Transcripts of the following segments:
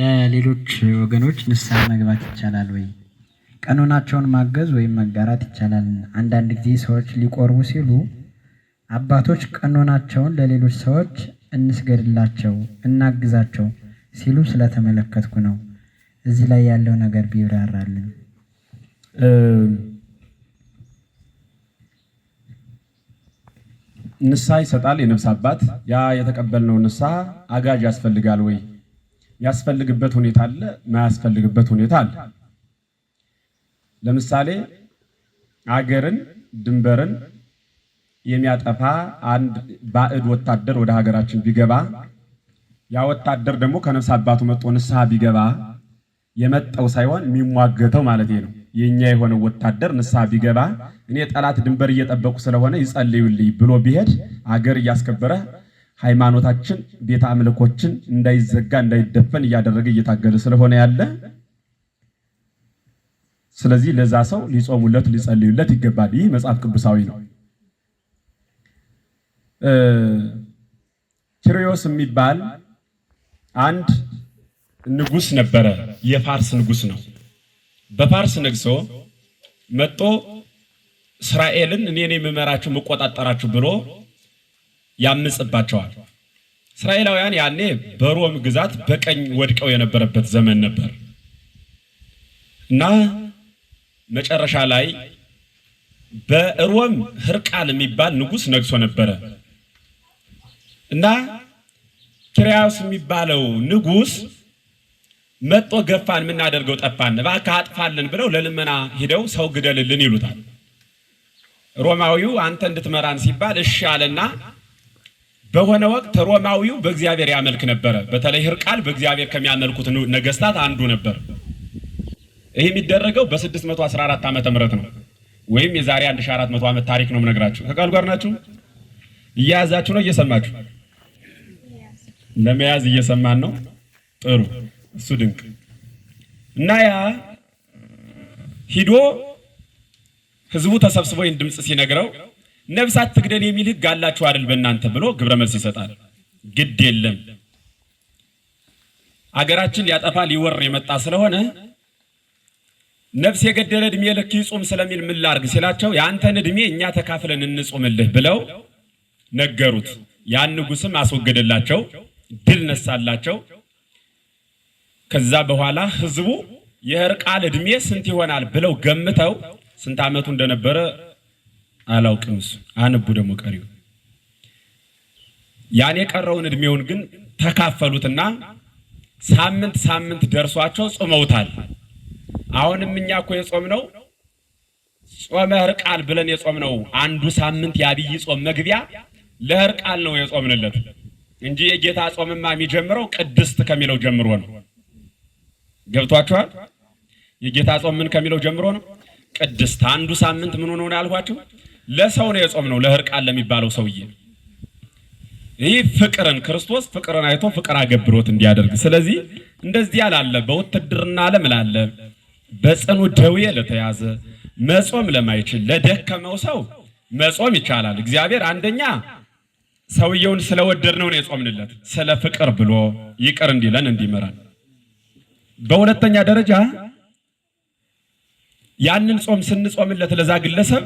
ለሌሎች ወገኖች ንስሐ መግባት ይቻላል ወይ? ቀኖናቸውን ማገዝ ወይም መጋራት ይቻላል። አንዳንድ ጊዜ ሰዎች ሊቆርቡ ሲሉ አባቶች ቀኖናቸውን ለሌሎች ሰዎች እንስገድላቸው፣ እናግዛቸው ሲሉ ስለተመለከትኩ ነው። እዚህ ላይ ያለው ነገር ቢብራራልን። ንስሐ ይሰጣል የነፍስ አባት። ያ የተቀበልነው ንስሐ አጋዥ ያስፈልጋል ወይ ያስፈልግበት ሁኔታ አለ፣ ማያስፈልግበት ሁኔታ አለ። ለምሳሌ አገርን ድንበርን የሚያጠፋ አንድ ባዕድ ወታደር ወደ ሀገራችን ቢገባ ያ ወታደር ደግሞ ከነፍስ አባቱ መጥቶ ንስሐ ቢገባ የመጣው ሳይሆን የሚሟገተው ማለት ነው። የኛ የሆነው ወታደር ንስሐ ቢገባ እኔ ጠላት ድንበር እየጠበቁ ስለሆነ ይጸልዩልኝ ብሎ ቢሄድ አገር እያስከበረ ሃይማኖታችን ቤተ አምልኮችን እንዳይዘጋ እንዳይደፈን እያደረገ እየታገለ ስለሆነ ያለ ስለዚህ ለዛ ሰው ሊጾሙለት ሊጸልዩለት ይገባል። ይህ መጽሐፍ ቅዱሳዊ ነው። ኪሪዮስ የሚባል አንድ ንጉስ ነበረ። የፋርስ ንጉስ ነው። በፋርስ ነግሶ መጦ እስራኤልን እኔ የምመራችሁ የምቆጣጠራችሁ ብሎ ያምጽባቸዋል። እስራኤላውያን ያኔ በሮም ግዛት በቀኝ ወድቀው የነበረበት ዘመን ነበር እና መጨረሻ ላይ በሮም ህርቃል የሚባል ንጉሥ ነግሶ ነበረ እና ኪሪያስ የሚባለው ንጉሥ መጦ ገፋን፣ የምናደርገው ጠፋን፣ እባክህ አጥፋልን ብለው ለልመና ሂደው ሰው ግደልልን ይሉታል። ሮማዊው አንተ እንድትመራን ሲባል እሺ አለና በሆነ ወቅት ሮማዊው በእግዚአብሔር ያመልክ ነበረ። በተለይ ህርቃል በእግዚአብሔር ከሚያመልኩት ነገስታት አንዱ ነበር። ይህ የሚደረገው በ614 ዓመተ ምህረት ነው ወይም የዛሬ 1400 ዓመት ታሪክ ነው የምነግራችሁ። ከቃል ጋር ናችሁ? እያያዛችሁ ነው? እየሰማችሁ ለመያዝ እየሰማን ነው። ጥሩ፣ እሱ ድንቅ እና ያ ሂዶ ህዝቡ ተሰብስቦ ይህን ድምፅ ሲነግረው ነፍስ አትግደል የሚል ህግ አላችሁ አይደል በእናንተ ብሎ ግብረ መልስ ይሰጣል። ግድ የለም አገራችን ሊያጠፋ ሊወር የመጣ ስለሆነ ነፍስ የገደለ እድሜ ልክ ይጹም ስለሚል ምን ላድርግ ሲላቸው የአንተን እድሜ እኛ ተካፍለን እንጹምልህ ብለው ነገሩት። ያን ንጉስም አስወገደላቸው፣ ድል ነሳላቸው። ከዛ በኋላ ህዝቡ የእርቃል እድሜ ስንት ይሆናል ብለው ገምተው ስንት ዓመቱ እንደነበረ አላውቅም። እሱ አንቡ ደግሞ ቀሪው ያን የቀረውን እድሜውን ግን ተካፈሉትና ሳምንት ሳምንት ደርሷቸው ጾመውታል። አሁንም እኛ እኮ የጾም ነው ጾመ ህርቃል ብለን የጾም ነው አንዱ ሳምንት የአብይ ጾም መግቢያ ለህርቃል ነው የጾምንለት እንጂ የጌታ ጾምማ የሚጀምረው ቅድስት ከሚለው ጀምሮ ነው። ገብቷችኋል? የጌታ ጾም ምን ከሚለው ጀምሮ ነው? ቅድስት። አንዱ ሳምንት ምን ሆነ አልኳችሁ? ለሰው ነው የጾም ነው ለህርቃን ለሚባለው ሰውዬ ይህ ፍቅርን ክርስቶስ ፍቅርን አይቶ ፍቅር አገብሮት እንዲያደርግ። ስለዚህ እንደዚህ ያላለ በውትድርና ዓለም ላለ በጽኑ ደዌ ለተያዘ መጾም ለማይችል ለደከመው ሰው መጾም ይቻላል። እግዚአብሔር አንደኛ ሰውየውን ስለወደድነው ነው የጾምንለት፣ ስለ ፍቅር ብሎ ይቅር እንዲለን እንዲመራል። በሁለተኛ ደረጃ ያንን ጾም ስንጾምለት ለዛ ግለሰብ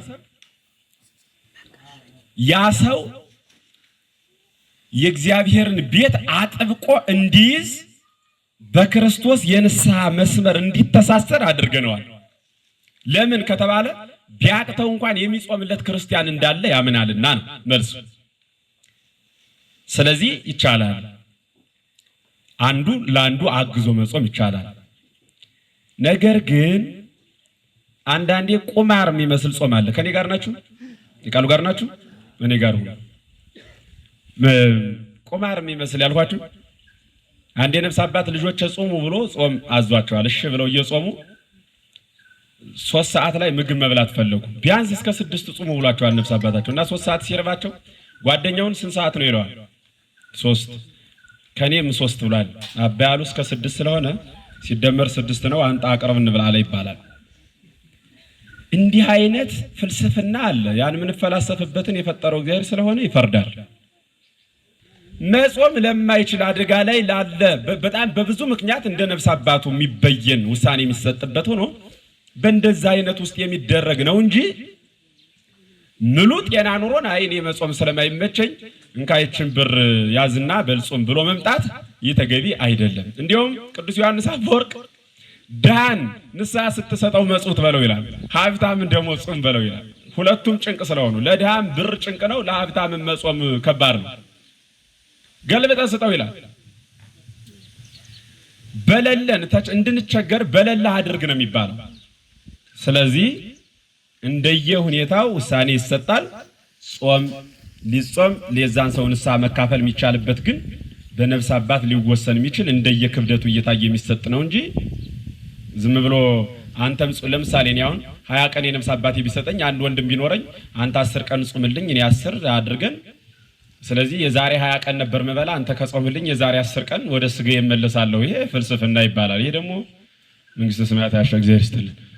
ያ ሰው የእግዚአብሔርን ቤት አጥብቆ እንዲይዝ በክርስቶስ የንስሐ መስመር እንዲተሳሰር አድርገነዋል። ለምን ከተባለ ቢያቅተው እንኳን የሚጾምለት ክርስቲያን እንዳለ ያምናልና ነው መልሱ። ስለዚህ ይቻላል፣ አንዱ ለአንዱ አግዞ መጾም ይቻላል። ነገር ግን አንዳንዴ ቁማር የሚመስል ጾም አለ። ከኔ ጋር ናችሁ? የቃሉ ጋር ናችሁ? እኔ ጋር ቁማር የሚመስል ያልኳችሁ አንድ የነፍስ አባት ልጆች ጾሙ ብሎ ጾም አዟቸዋል። እሺ ብለው እየጾሙ ሶስት ሰዓት ላይ ምግብ መብላት ፈለጉ። ቢያንስ እስከ ስድስት ጾሙ ብሏቸዋል ነፍስ አባታቸው እና ሶስት ሰዓት ሲርባቸው ጓደኛውን ስንት ሰዓት ነው ይለዋል። ሶስት ከኔም ሶስት ብሏል። አባ ያሉ እስከ ስድስት ስለሆነ ሲደመር ስድስት ነው። አንጣ አቅርብ እንብላ አለ ይባላል። እንዲህ አይነት ፍልስፍና አለ። ያን የምንፈላሰፍበትን የፈጠረው እግዚአብሔር ስለሆነ ይፈርዳል። መጾም ለማይችል አደጋ ላይ ላለ በጣም በብዙ ምክንያት እንደ ነፍስ አባቱ የሚበየን ውሳኔ የሚሰጥበት ሆኖ በእንደዛ አይነት ውስጥ የሚደረግ ነው እንጂ ምሉ ጤና ኑሮን አይ እኔ መጾም ስለማይመቸኝ እንካይችን ብር ያዝና በልጾም ብሎ መምጣት ይህ ተገቢ አይደለም። እንዲሁም ቅዱስ ዮሐንስ አፈወርቅ ድሃን ንስሐ ስትሰጠው መጽት በለው ይላል፣ ሀብታምን ደግሞ ጾም በለው ይላል። ሁለቱም ጭንቅ ስለሆኑ ለድሃም ብር ጭንቅ ነው፣ ለሀብታምን መጾም ከባድ ነው። ገልብጠ ስጠው ይላል። በለለን እንድንቸገር በለላ አድርግ ነው የሚባለው። ስለዚህ እንደየ ሁኔታው ውሳኔ ይሰጣል። ጾም ሊጾም ለዛን ሰው ንስሐ መካፈል የሚቻልበት ግን በነፍስ አባት ሊወሰን የሚችል እንደየ ክብደቱ እየታየ የሚሰጥ ነው እንጂ ዝም ብሎ አንተም ለምሳሌ እኔ አሁን ሀያ ቀን የነፍስ አባቴ ቢሰጠኝ አንድ ወንድም ቢኖረኝ አንተ አስር ቀን ጹምልኝ እኔ አስር አድርገን ስለዚህ የዛሬ ሀያ ቀን ነበር ምበላ አንተ ከጾምልኝ የዛሬ አስር ቀን ወደ ስጋ የመለሳለሁ። ይሄ ፍልስፍና ይባላል። ይሄ ደግሞ መንግስተ ሰማያት ያሻ እግዚአብሔር ይስጥልን።